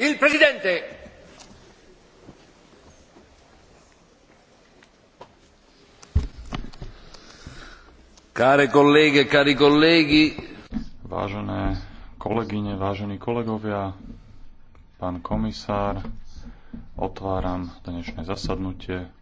Il Presidente. Care colleghe, cari colleghi. Vážené kolegyne, vážení kolegovia, pán komisár, otváram dnešné zasadnutie.